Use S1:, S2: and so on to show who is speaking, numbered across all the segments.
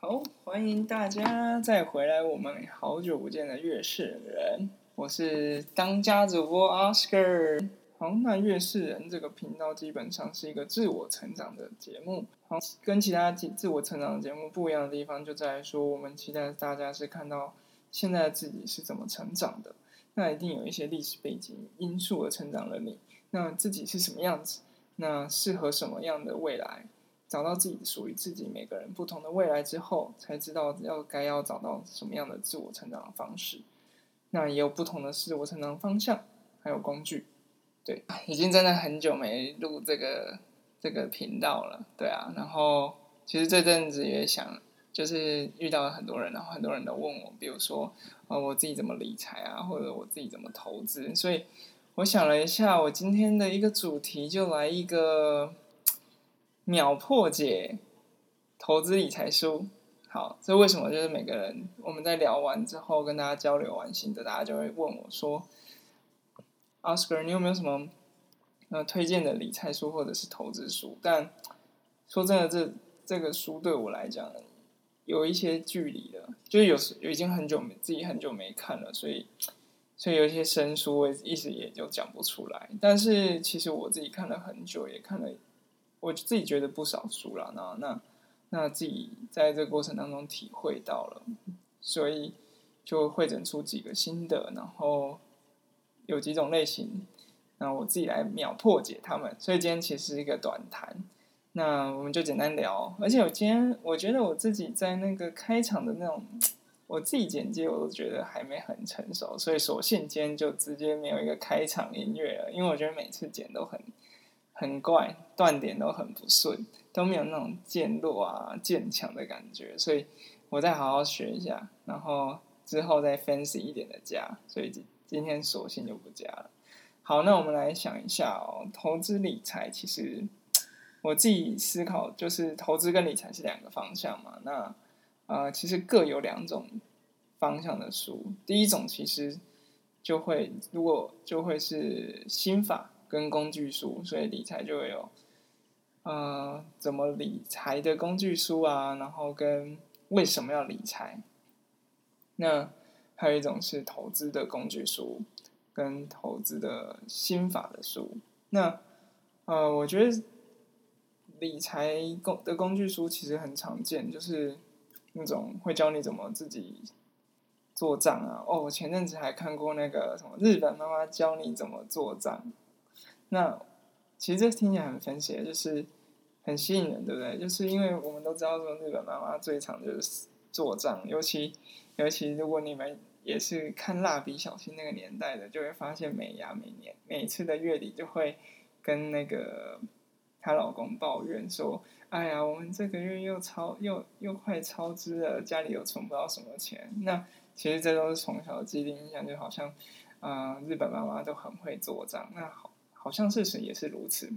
S1: 好，歡迎大家再回來！我們好久不見的月事人，我是當家主播 Oscar。好，那月事人這個頻道基本上是一個自我成長的節目。好，跟其他自我成長的節目不一樣的地方，就在於說，我們期待大家是看到現在的自己是怎麼成長的。那一定有一些歷史背景因素而成長了你。那自己是什麼樣子？那適合什麼樣的未來？找到自己屬於自己每個人不同的未來之後，才知道要該要找到什麼樣的自我成長的方式。那也有不同的自我成長的方向，還有工具。對，已經真的很久沒錄這個這個頻道了。對啊，然後其實這陣子也想，就是遇到了很多人，然後很多人都問我，比如說啊、呃，我自己怎麼理財啊，或者我自己怎麼投資。所以我想了一下，我今天的一個主題就來一個。秒破解投資理財書，好，這為什麼就是每個人？我們在聊完之後，跟大家交流完心得，大家就會問我說：“Oscar，你有沒有什麼呃推薦的理財書或者是投資書？”但說真的，這這個書對我來講有一些距離的，就是有，有已經很久沒自己很久沒看了，所以所以有一些生疏，我一直也就講不出來。但是其實我自己看了很久，也看了。我自己覺得不少書了，那那那自己在這個過程當中體會到了，所以就彙整出幾個心得，然後有幾種類型，那我自己來秒破解他們。所以今天其實是一個短談，那我們就簡單聊。而且我今天我覺得我自己在那個開場的那種，我自己剪接，我都覺得還沒很成熟，所以索性今天就直接沒有一個開場音樂了，因為我覺得每次剪都很。很怪，斷點都很不順，都沒有那種漸弱啊、漸強的感覺，所以我再好好學一下，然後之後再 fancy 一點的加，所以今天索性就不加了。好，那我們來想一下哦，投資理財其實我自己思考，就是投資跟理財是兩個方向嘛，那啊、呃，其實各有兩種方向的書，第一種其實就會如果就會是心法。跟工具書，所以理財就會有，呃，怎麼理財的工具書啊，然後跟為什麼要理財？那還有一種是投資的工具書，跟投資的心法的書。那呃，我覺得理財工的工具書其實很常見，就是那種會教你怎麼自己做賬啊。哦，我前陣子還看過那個什麼日本媽媽教你怎麼做賬。那其實這聽起來很神奇，就是很吸引人，對不對？就是因為我們都知道說日本媽媽最常就是做賬，尤其尤其如果你們也是看蠟筆小新那個年代的，就會發現美伢每年每次的月底就會跟那個她老公抱怨說：“哎呀，我們這個月又超又又快超支了，家裡又存不到什麼錢。那”那其實這都是從小的既定印象，就好像啊、呃，日本媽媽都很會做賬。那好。好像事實也是如此。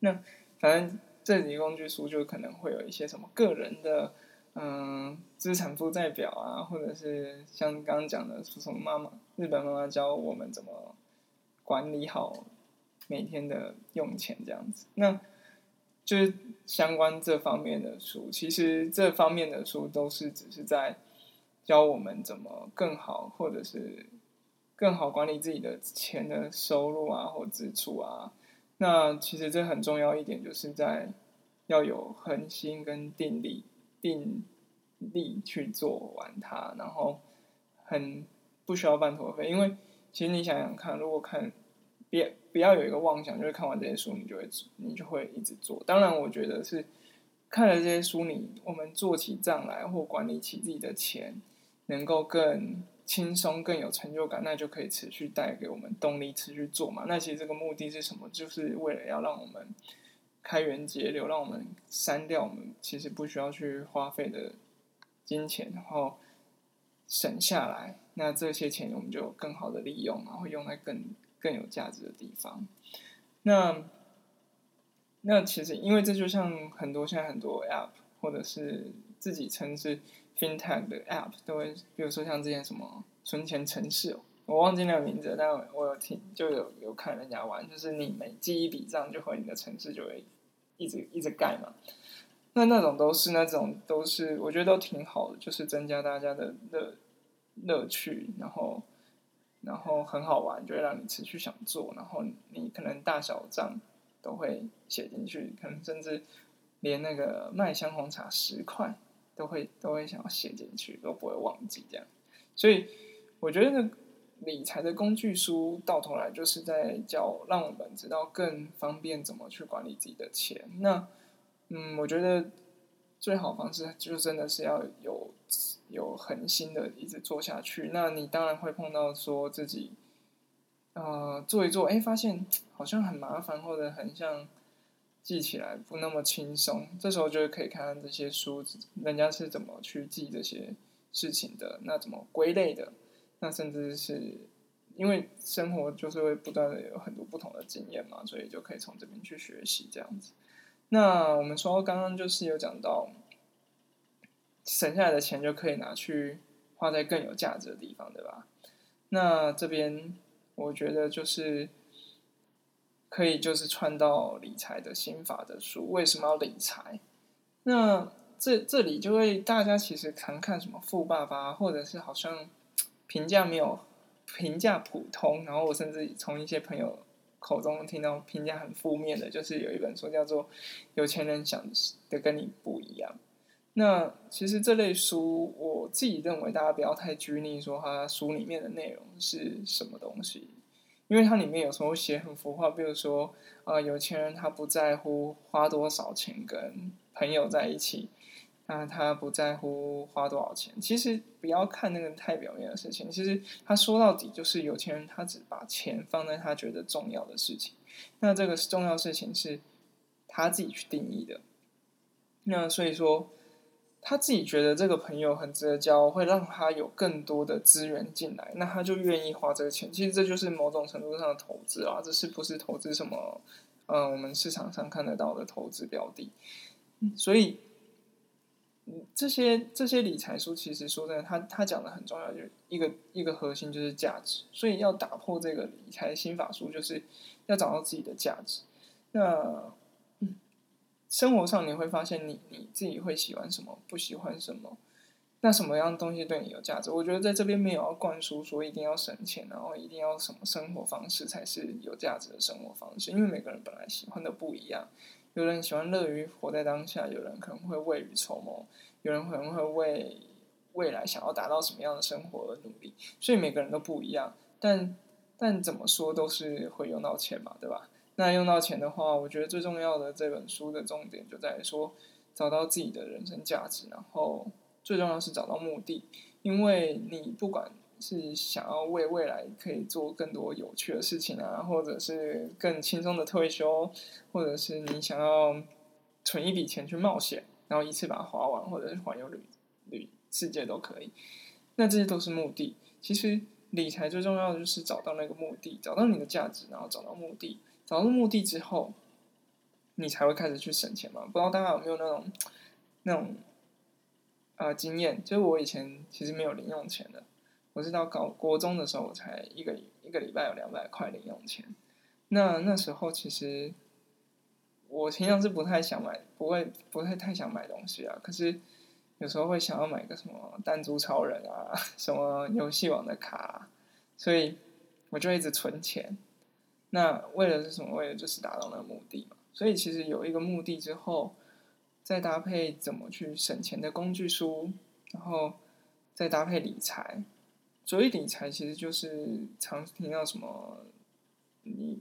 S1: 那反正這幾工具書就可能會有一些什麼個人的，嗯，資產負債表啊，或者是像剛剛講的，什麼媽媽日本媽媽教我們怎麼管理好每天的用錢這樣子。那就是相關這方面的書，其實這方面的書都是只是在教我們怎麼更好，或者是。更好管理自己的錢的收入啊，或支出啊，那其實這很重要一點，就是在要有恆心跟定力，定力去做完它，然後很不需要半途而廢。因為其實你想想看，如果看別不要有一個妄想，就是看完這些書你就會你就會一直做。當然，我覺得是看了這些書，你我們做起賬來或管理起自己的錢，能夠更。輕鬆更有成就感，那就可以持續帶給我們動力，持續做嘛。那其實這個目的是什麼？就是為了要讓我們開源節流，讓我們刪掉我們其實不需要去花費的金錢，然後省下來。那這些錢我們就更好的利用，然後用在更更有價值的地方。那那其實因為這就像很多現在很多 app，或者是自己稱之。FinTech 的 App 都會，比如說像之前什麼存錢城市、哦，我忘記那個名字，但我有聽就有有看人家玩，就是你每記一筆賬，就會你的城市就會一直一直蓋嘛。那那種都是那種都是，我覺得都挺好的，就是增加大家的樂樂趣，然後然後很好玩，就會讓你持續想做，然後你可能大小賬都會寫進去，可能甚至連那個麥香紅茶十塊。都會都會想要寫進去，都不會忘記這樣，所以我覺得理財的工具書到頭來就是在教讓我們知道更方便怎麼去管理自己的錢。那嗯，我覺得最好方式就是真的是要有有恆心的一直做下去。那你當然會碰到說自己，呃，做一做，哎，發現好像很麻煩，或者很像。記起來不那麼輕鬆，這時候就可以看看這些書，人家是怎麼去記這些事情的，那怎麼歸類的，那甚至是因為生活就是會不斷的有很多不同的經驗嘛，所以就可以從這邊去學習這樣子。那我們說剛剛就是有講到，省下來的錢就可以拿去花在更有價值的地方，對吧？那這邊我覺得就是。可以就是串到理財的心法的書，為什麼要理財？那這這裡就會大家其實常看什麼富爸爸，或者是好像評價沒有評價普通，然後我甚至從一些朋友口中聽到評價很負面的，就是有一本書叫做《有錢人想的跟你不一樣》那。那其實這類書，我自己認為大家不要太拘泥說它書裡面的內容是什麼東西。因為它裡面有時候寫很浮誇，比如說啊、呃，有錢人他不在乎花多少錢跟朋友在一起，那他不在乎花多少錢。其實不要看那個太表面的事情，其實他說到底就是有錢人，他只把錢放在他覺得重要的事情。那這個是重要事情，是他自己去定義的。那所以說。他自己覺得這個朋友很值得交，會讓他有更多的資源進來，那他就願意花這個錢。其實這就是某種程度上的投資啊，這是不是投資什麼？嗯、呃，我們市場上看得到的投資標的。所以，這些這些理財書其實說真的，他他講的很重要，就是一個一個核心就是價值。所以要打破這個理財心法書，就是要找到自己的價值。那。生活上你會發現你，你你自己會喜歡什麼，不喜歡什麼，那什麼樣的東西對你有價值？我覺得在這邊沒有要灌輸說一定要省錢，然後一定要什麼生活方式才是有價值的生活方式，因為每個人本來喜歡的不一樣，有人喜歡樂於活在當下，有人可能會未雨綢繆，有人可能會為未來想要達到什麼樣的生活而努力，所以每個人都不一樣，但但怎麼說都是會用到錢嘛，對吧？那用到錢的話，我覺得最重要的這本書的重點就在於說，找到自己的人生價值，然後最重要是找到目的，因為你不管是想要為未來可以做更多有趣的事情啊，或者是更輕鬆的退休，或者是你想要存一筆錢去冒險，然後一次把它花完，或者是環遊旅旅世界都可以。那這些都是目的。其實理財最重要的就是找到那個目的，找到你的價值，然後找到目的。找到目的之後，你才會開始去省錢嘛？不知道大家有沒有那種那種啊、呃、經驗？就是我以前其實沒有零用錢的，我是到高國中的時候，我才一個一個禮拜有兩百塊零用錢。那那時候其實我平常是不太想買，不會不太太想買東西啊。可是有時候會想要買個什麼彈珠超人啊，什麼遊戲王的卡、啊，所以我就一直存錢。那為了是什麼？為了就是達到那個目的嘛。所以其實有一個目的之後，再搭配怎麼去省錢的工具書，然後再搭配理財。所以理財其實就是常聽到什麼，你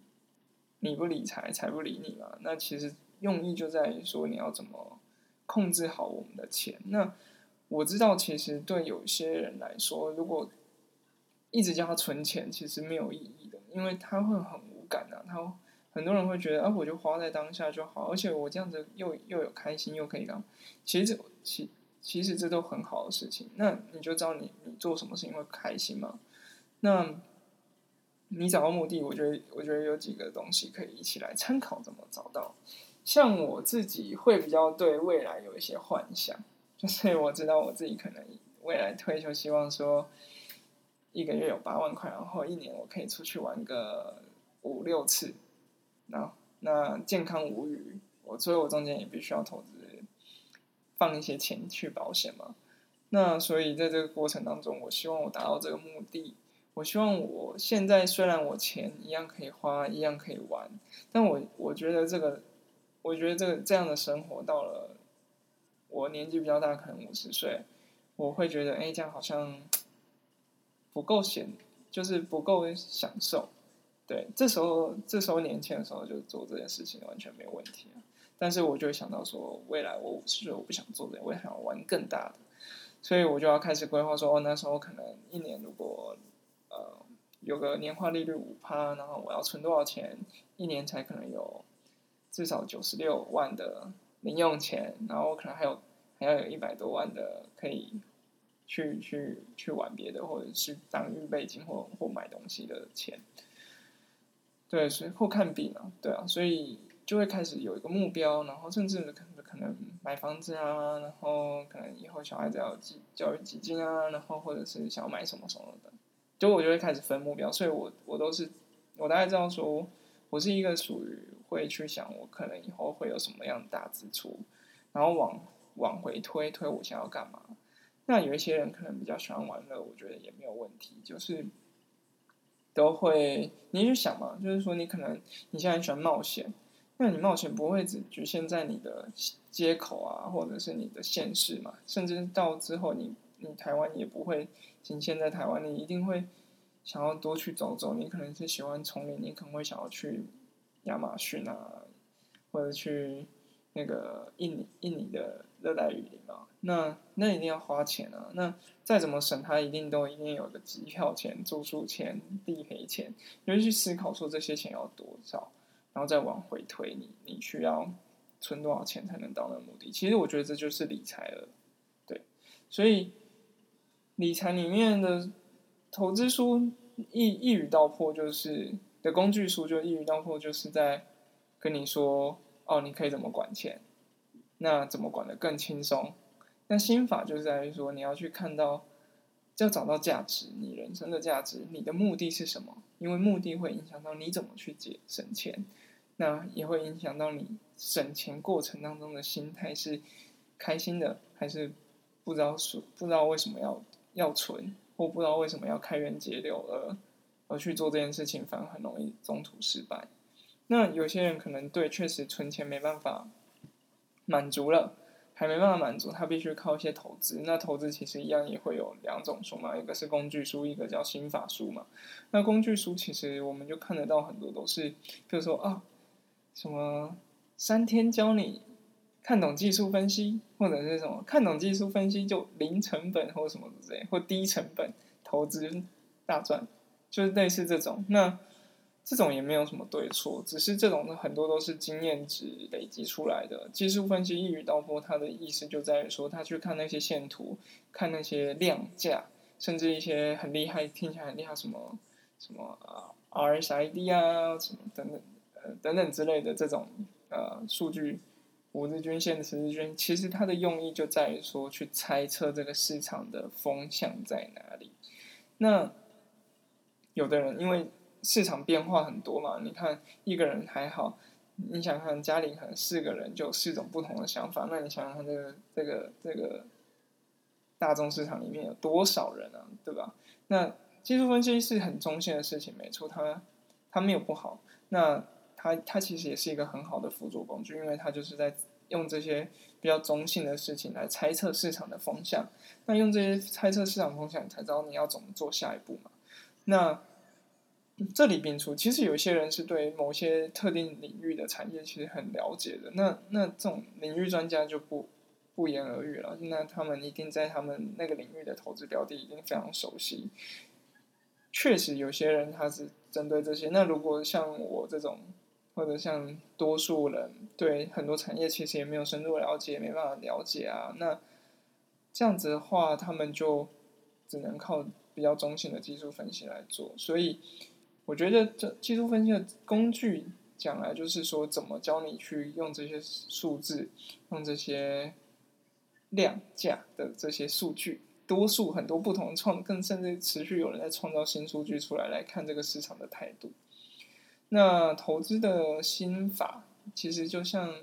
S1: 你不理財，財不理你嘛。那其實用意就在於說你要怎麼控制好我們的錢。那我知道，其實對有些人來說，如果一直叫他存錢，其實沒有意義的，因為他會很。感的，然後，很多人會覺得啊，我就花在當下就好，而且我這樣子又又有開心又可以當，其實這其其實這都很好的事情。那你就知道你你做什麼事情會開心嗎？那你找到目的，我覺得我覺得有幾個東西可以一起來參考怎麼找到。像我自己會比較對未來有一些幻想，就是我知道我自己可能未來退休，希望說一個月有八萬塊，然後一年我可以出去玩個。五六次，那那健康無虞，我所以，我中間也必須要投資，放一些錢去保險嘛。那所以，在這個過程當中，我希望我達到這個目的。我希望我現在雖然我錢一樣可以花，一樣可以玩，但我我覺得這個，我覺得這個這樣的生活到了，我年紀比較大，可能五十歲，我會覺得，哎，這樣好像不夠閒，就是不夠享受。對，這時候這時候年輕的時候就做這件事情完全沒有問題啊。但是我就想到說，未來我不是說我不想做這個，我也想要玩更大的，所以我就要開始規劃說，哦，那時候可能一年如果呃有個年化利率五趴，然後我要存多少錢，一年才可能有至少九十六萬的零用錢，然後我可能還有還要有一百多萬的可以去去去玩別的，或者是當預備金或或買東西的錢。對，所以或看病啊，對啊，所以就會開始有一個目標，然後甚至可能可能買房子啊，然後可能以後小孩子要積教育基金啊，然後或者是想要買什麼什麼的，就我就會開始分目標，所以我我都是我大概知道說，我是一個屬於會去想我可能以後會有什麼樣的大支出，然後往往回推推我想要幹嘛，那有一些人可能比較喜歡玩樂，我覺得也沒有問題，就是。都會，你就想嘛，就是說你可能你現在很喜歡冒險，那你冒險不會只局限在你的街口啊，或者是你的縣市嘛，甚至到之後你你台灣也不會僅限在台灣，你一定會想要多去走走。你可能是喜歡叢林，你可能會想要去亞馬遜啊，或者去那個印尼印尼的。熱帶雨林嘛、啊，那那一定要花錢啊。那再怎麼省，他一定都一定有個機票錢、住宿錢、地陪錢。你就去思考說這些錢要多少，然後再往回推你，你需要存多少錢才能到那目的？其實我覺得這就是理財了，對。所以理財裡面的投資書一一語道破，就是的工具書就一語道破，就是在跟你說，哦，你可以怎麼管錢。那怎麼管得更輕鬆？那心法就是在於說，你要去看到，要找到價值，你人生的價值，你的目的是什麼？因為目的會影響到你怎麼去節省錢，那也會影響到你省錢過程當中的心態是開心的，還是不知道說，不知道為什麼要要存，或不知道為什麼要開源節流而而去做這件事情，反而很容易中途失敗。那有些人可能對確實存錢沒辦法，滿足了，還沒辦法滿足，他必須靠一些投資。那投資其實一樣也會有兩種書嘛，一個是工具書，一個叫心法書嘛。那工具書其實我們就看得到很多都是，就是說啊，什麼三天教你看懂技術分析，或者是什麼看懂技術分析就零成本或什麼之類，或低成本投資大賺，就是類似這種。那這種也沒有什麼對錯，只是這種的很多都是經驗值累積出來的。技術分析一語道破，他的意思就在於說，他去看那些線圖，看那些量價，甚至一些很厲害、聽起來很厲害什麼什麼 RSID 啊，什麼等等、呃、等等之類的這種呃數據，五日均線、十日均,均，其實它的用意就在於說，去猜測這個市場的風向在哪裡。那有的人因為。市場變化很多嘛，你看一個人還好，你想看家裡可能四個人就有四種不同的想法，那你想想看這個這個這個大眾市場裡面有多少人啊，對吧？那技術分析是很中性的事情，沒錯，它它沒有不好，那它它其實也是一個很好的輔助工具，因為它就是在用這些比較中性的事情來猜測市場的風向，那用這些猜測市場風向你才知道你要怎麼做下一步嘛，那。這裡并出，其實有些人是對某些特定領域的產業其實很了解的。那那這種領域專家就不不言而喻了。那他們一定在他們那個領域的投資標的一定非常熟悉。確實，有些人他是針對這些。那如果像我這種，或者像多數人，對很多產業其實也沒有深入了解，沒辦法了解啊。那這樣子的話，他們就只能靠比較中性的技術分析來做。所以。我覺得這技術分析的工具，講來就是說，怎麼教你去用這些數字，用這些量價的這些數據，多數很多不同創，更甚至持續有人在創造新數據出來來看這個市場的態度。那投資的心法，其實就像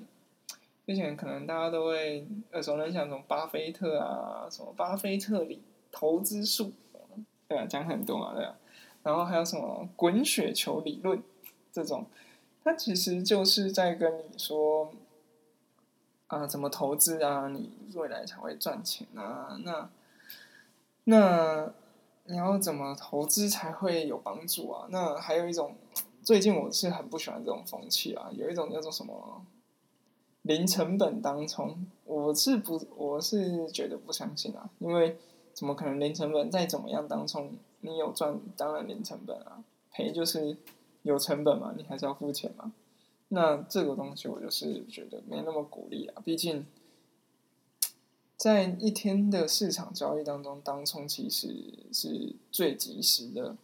S1: 之前可能大家都會耳熟能詳，什麼巴菲特啊，什麼巴菲特里投資術。嗯，對啊，講很多啊，對啊。然後還有什麼滾雪球理論，這種，它其實就是在跟你說，啊，怎麼投資啊，你未來才會賺錢啊。那那你要怎麼投資才會有幫助啊？那還有一種，最近我是很不喜歡這種風氣啊。有一種叫做什麼零成本當沖，我是不，我是覺得不相信啊，因為怎麼可能零成本再怎麼樣當沖？你有賺，當然零成本啊；賠就是有成本嘛，你還是要付錢嘛。那這個東西我就是覺得沒那麼鼓勵啊。畢竟在一天的市場交易當中，當沖其實是、是最及時的。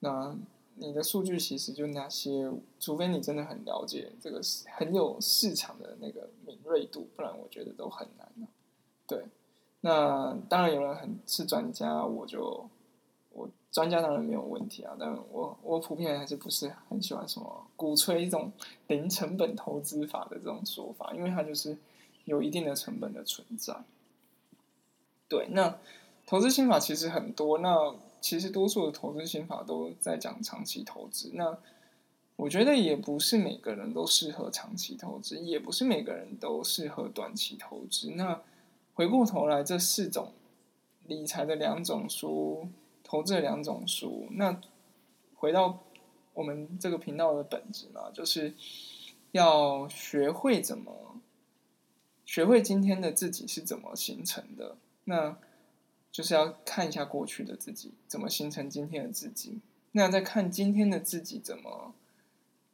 S1: 那你的數據其實就那些，除非你真的很了解這個，很有市場的那個敏銳度，不然我覺得都很難，啊。對，那當然有人很是專家，我就。專家當然沒有問題啊，但我我普遍還是不是很喜歡什麼鼓吹一種零成本投資法的這種說法，因為它就是有一定的成本的存在。對，那投資心法其實很多，那其實多數的投資心法都在講長期投資。那我覺得也不是每個人都適合長期投資，也不是每個人都適合短期投資。那回過頭來，這四種理財的兩種書投這兩種書，那回到我們這個頻道的本質呢，就是要學會怎麼學會今天的自己是怎麼形成的。那就是要看一下過去的自己怎麼形成今天的自己，那再看今天的自己怎麼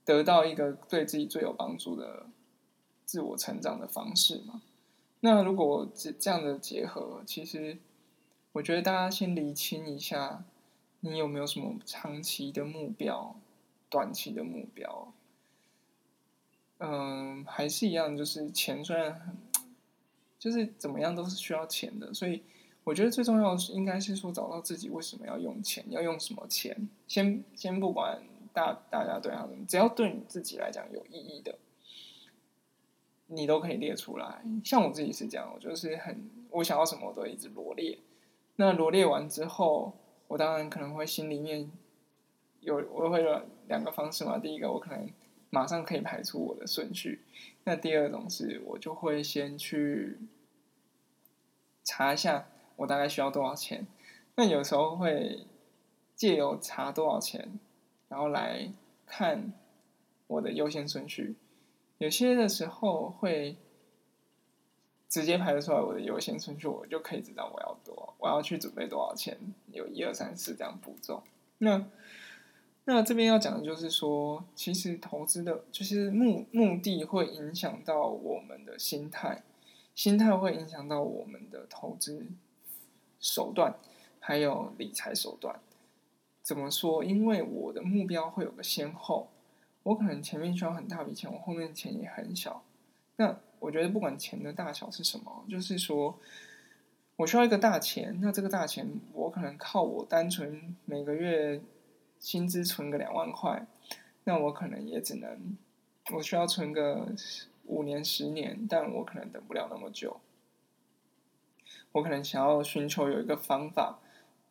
S1: 得到一個對自己最有幫助的自我成長的方式嘛。那如果這這樣的結合，其實。我覺得大家先理清一下，你有沒有什麼長期的目標、短期的目標？嗯，還是一樣，就是錢雖然很，就是怎麼樣都是需要錢的，所以我覺得最重要的是應該是說找到自己為什麼要用錢，要用什麼錢。先先不管大大家對他，只要對你自己來講有意義的，你都可以列出來。像我自己是這樣，我就是很我想要什麼，我都一直羅列。那羅列完之後，我當然可能會心裡面有，我會有兩個方式嘛。第一個，我可能馬上可以排出我的順序；那第二種是我就會先去查一下我大概需要多少錢。那有時候會借由查多少錢，然後來看我的優先順序。有些的時候會。直接排出來我的優先順序，我就可以知道我要多，我要去準備多少錢，有一二三四這樣步驟。那那這邊要講的就是說，其實投資的就是目目的會影響到我們的心態，心態會影響到我們的投資手段，還有理財手段。怎麼說？因為我的目標會有個先後，我可能前面需要很大筆錢，我後面錢也很小。那我覺得不管錢的大小是什麼，就是說，我需要一個大錢。那這個大錢，我可能靠我單純每個月薪資存個兩萬塊，那我可能也只能我需要存個五年、十年，但我可能等不了那麼久。我可能想要尋求有一個方法，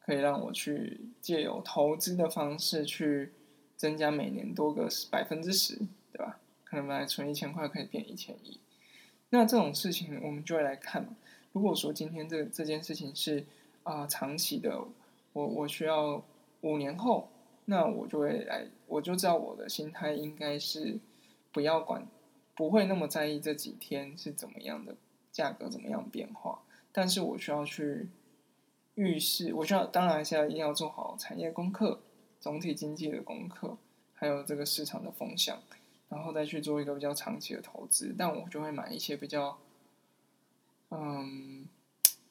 S1: 可以讓我去借由投資的方式去增加每年多個百分之十，對吧？可能本來存一千塊，可以變一千億。那這種事情我們就會來看嘛，如果說今天這這件事情是啊、呃、長期的，我我需要五年後，那我就會來，我就知道我的心態應該是不要管，不會那麼在意這幾天是怎麼樣的價格怎麼樣變化。但是我需要去預示，我需要當然現在一定要做好產業功課、總體經濟的功課，還有這個市場的風向。然後再去做一個比較長期的投資，但我就會買一些比較，嗯，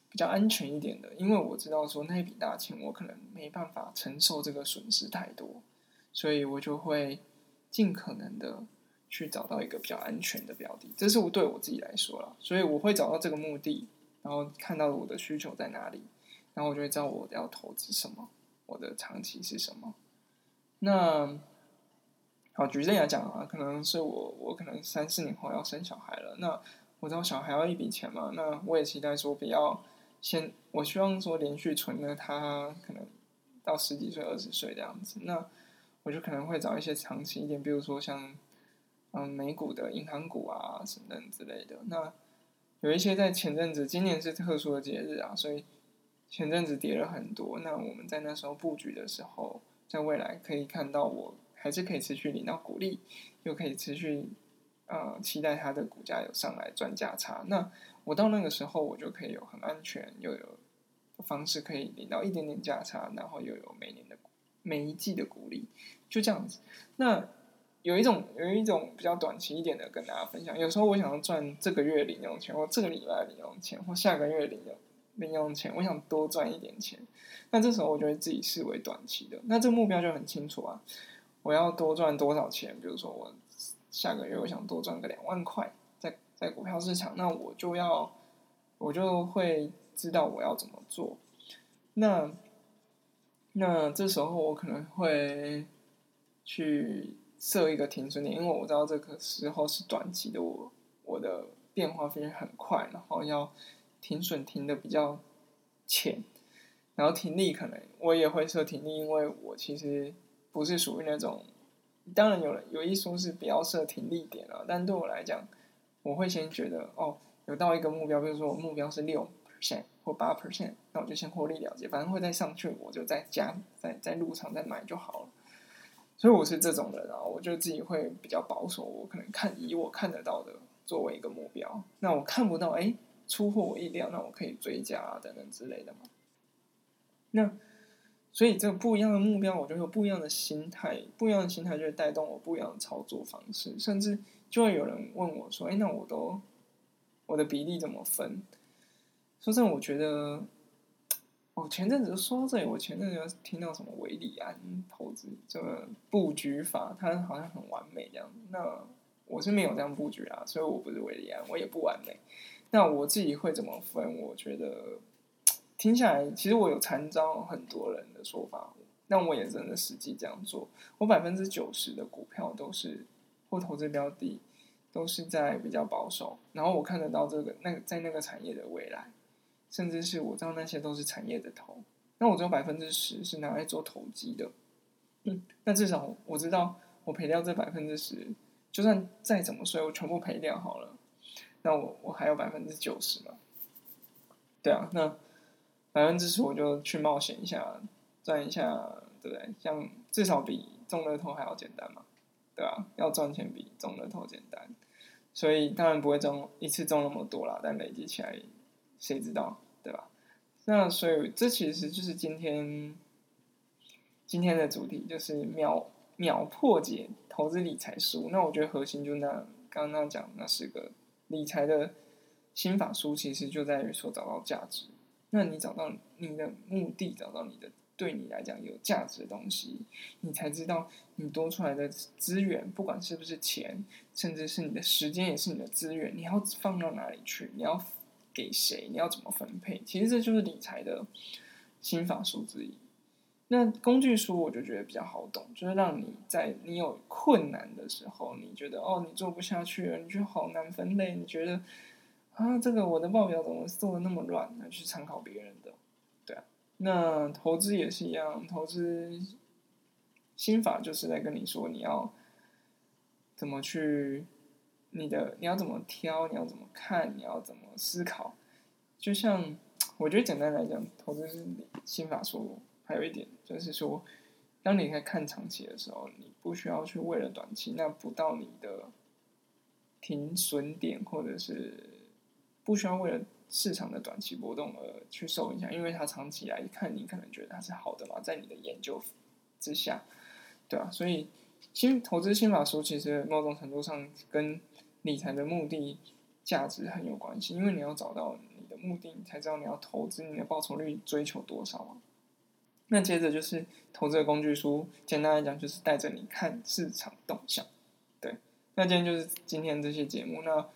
S1: 比較安全一點的，因為我知道說那筆大錢我可能沒辦法承受這個損失太多，所以我就會盡可能的去找到一個比較安全的標的，這是我對我自己來說了，所以我會找到這個目的，然後看到我的需求在哪裡，然後我就會知道我要投資什麼，我的長期是什麼，那。好，舉例來講啊，可能是我，我可能三四年後要生小孩了，那我找小孩要一筆錢嘛，那我也期待說，比較先，我希望說連續存着他可能到十幾歲、二十歲這樣子，那我就可能會找一些長期一點，比如說像嗯美股的銀行股啊什麼之類的，那有一些在前陣子，今年是特殊的節日啊，所以前陣子跌了很多，那我們在那時候布局的時候，在未來可以看到我。還是可以持續領到股利，又可以持續呃期待它的股價有上來賺價差。那我到那個時候，我就可以有很安全又有方式可以領到一點點價差，然後又有每年的每一季的股利。就這樣子。那有一種有一種比較短期一點的跟大家分享。有時候我想要賺這個月零用錢，或這個禮拜零用錢，或下個月零用零用錢，我想多賺一點錢。那這時候我覺得自己視為短期的，那這個目標就很清楚啊。我要多賺多少錢？比如說，我下個月我想多賺個兩萬塊，在在股票市場，那我就要我就會知道我要怎麼做。那那這時候我可能會去設一個停損點，因為我知道這個時候是短期的我，我我的變化非常快，然後要停損停的比較淺，然後停利可能我也會設停利，因為我其實。不是屬於那種，當然有了有一說是比較設停利點啊，但對我來講，我會先覺得哦，有到一個目標，比如說我目標是六 percent 或八 percent，那我就先獲利了結，反正會再上去，我就再加，再再入場、再買就好了。所以我是這種人啊，我覺得自己會比較保守，我可能看以我看得到的作為一個目標，那我看不到哎、欸、出乎我意料，那我可以追加、啊、等等之類的嘛。那。所以這個不一樣的目標，我就說不一樣的心態，不一樣的心態就會帶動我不一樣的操作方式，甚至就會有人問我說：“哎、欸，那我都我的比例怎麼分？”說真的，我覺得，我前陣子說到這裡，我前陣子聽到什麼韋禮安投資這個布局法，它好像很完美這樣。那我是沒有這樣布局啊，所以我不是韋禮安，我也不完美。那我自己會怎麼分？我覺得。聽起來其實我有參照很多人的說法，但我也真的實際這樣做。我百分之九十的股票都是或投資標的，都是在比較保守。然後我看得到這個那在那個產業的未來，甚至是我知道那些都是產業的頭。那我只有百分之十是拿來做投機的。嗯，那至少我知道我賠掉這百分之十，就算再怎麼說，我全部賠掉好了。那我我還有百分之九十嘛？對啊，那。百分之十，我就去冒險一下，賺一下，對不對？像至少比中樂透還要簡單嘛，對吧？要賺錢比中樂透簡單，所以當然不會中一次中那麼多啦，但累積起來，誰知道，對吧？那所以這其實就是今天今天的主題，就是秒秒破解投資理財書。那我覺得核心就那剛剛講那四個理財的心法書，其實就在於說找到價值。那你找到你的目的，找到你的對你來講有價值的東西，你才知道你多出來的資源，不管是不是錢，甚至是你的時間，也是你的資源，你要放到哪裡去？你要給誰？你要怎麼分配？其實這就是理財的心法書之一。那工具書我就覺得比較好懂，就是讓你在你有困難的時候，你覺得哦，你做不下去了，你覺得好難分類，你覺得。啊，這個我的報表怎麼做的那麼亂？那去參考別人的，對啊。那投資也是一樣投資心法就是在跟你說你要怎麼去，你的你要怎麼挑，你要怎麼看，你要怎麼思考。就像我覺得簡單來講，投資心法說還有一點就是說，當你在看長期的時候，你不需要去為了短期，那不到你的停損點或者是。不需要為了市場的短期波動而去受影響，因為它長期來看，你可能覺得它是好的嘛，在你的研究之下，對吧，啊？所以，新投資心法書其實某種程度上跟理財的目的價值很有關係，因為你要找到你的目的，你才知道你要投資你的報酬率追求多少啊。那接着就是投資的工具書，簡單來講就是帶着你看市場動向。對，那今天就是今天這期節目，那。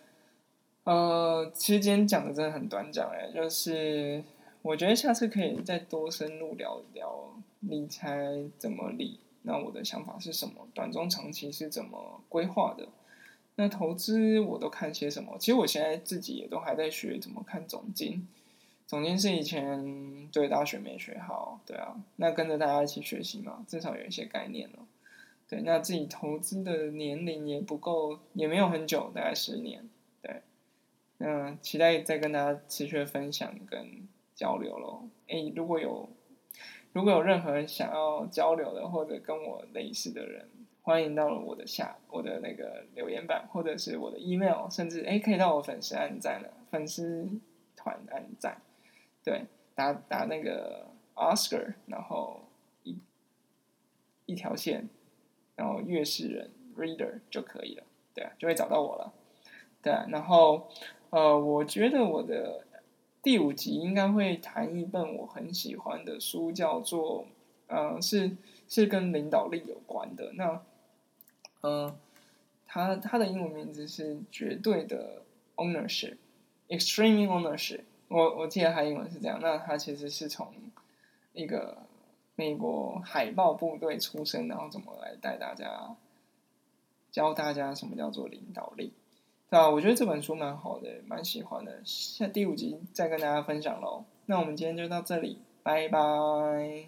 S1: 呃，其實今天講的真的很短，講，誒，就是我覺得下次可以再多深入聊一聊理財怎麼理。那我的想法是什麼？短中長期是怎麼規劃的？那投資我都看些什麼？其實我現在自己也都還在學怎麼看總經，總經是以前對大學沒學好，對啊，那跟着大家一起學習嘛，至少有一些概念了，喔。對，那自己投資的年齡也不夠，也沒有很久，大概十年。嗯，期待再跟大家持續的分享跟交流咯。誒，如果有，如果有任何想要交流的，或者跟我類似的人，歡迎到了我的下，我的那個留言板，或者是我的 email，甚至誒可以到我粉絲按贊的粉絲團按贊，對，打打那個 Oscar，然後一一條線，然後越是人 reader 就可以了，對啊，就會找到我了，對啊，然後。呃，我覺得我的第五集應該會談一本我很喜歡的書，叫做嗯、呃，是是跟領導力有關的。那嗯、呃，他他的英文名字是絕對的 ownership，extreme ownership。我我記得他英文是這樣。那他其實是從一個美國海豹部隊出身，然後怎麼來帶大家教大家什麼叫做領導力？那我覺得這本書蠻好的，蠻喜歡的。下第五集再跟大家分享嘍。那我們今天就到這裡，拜拜。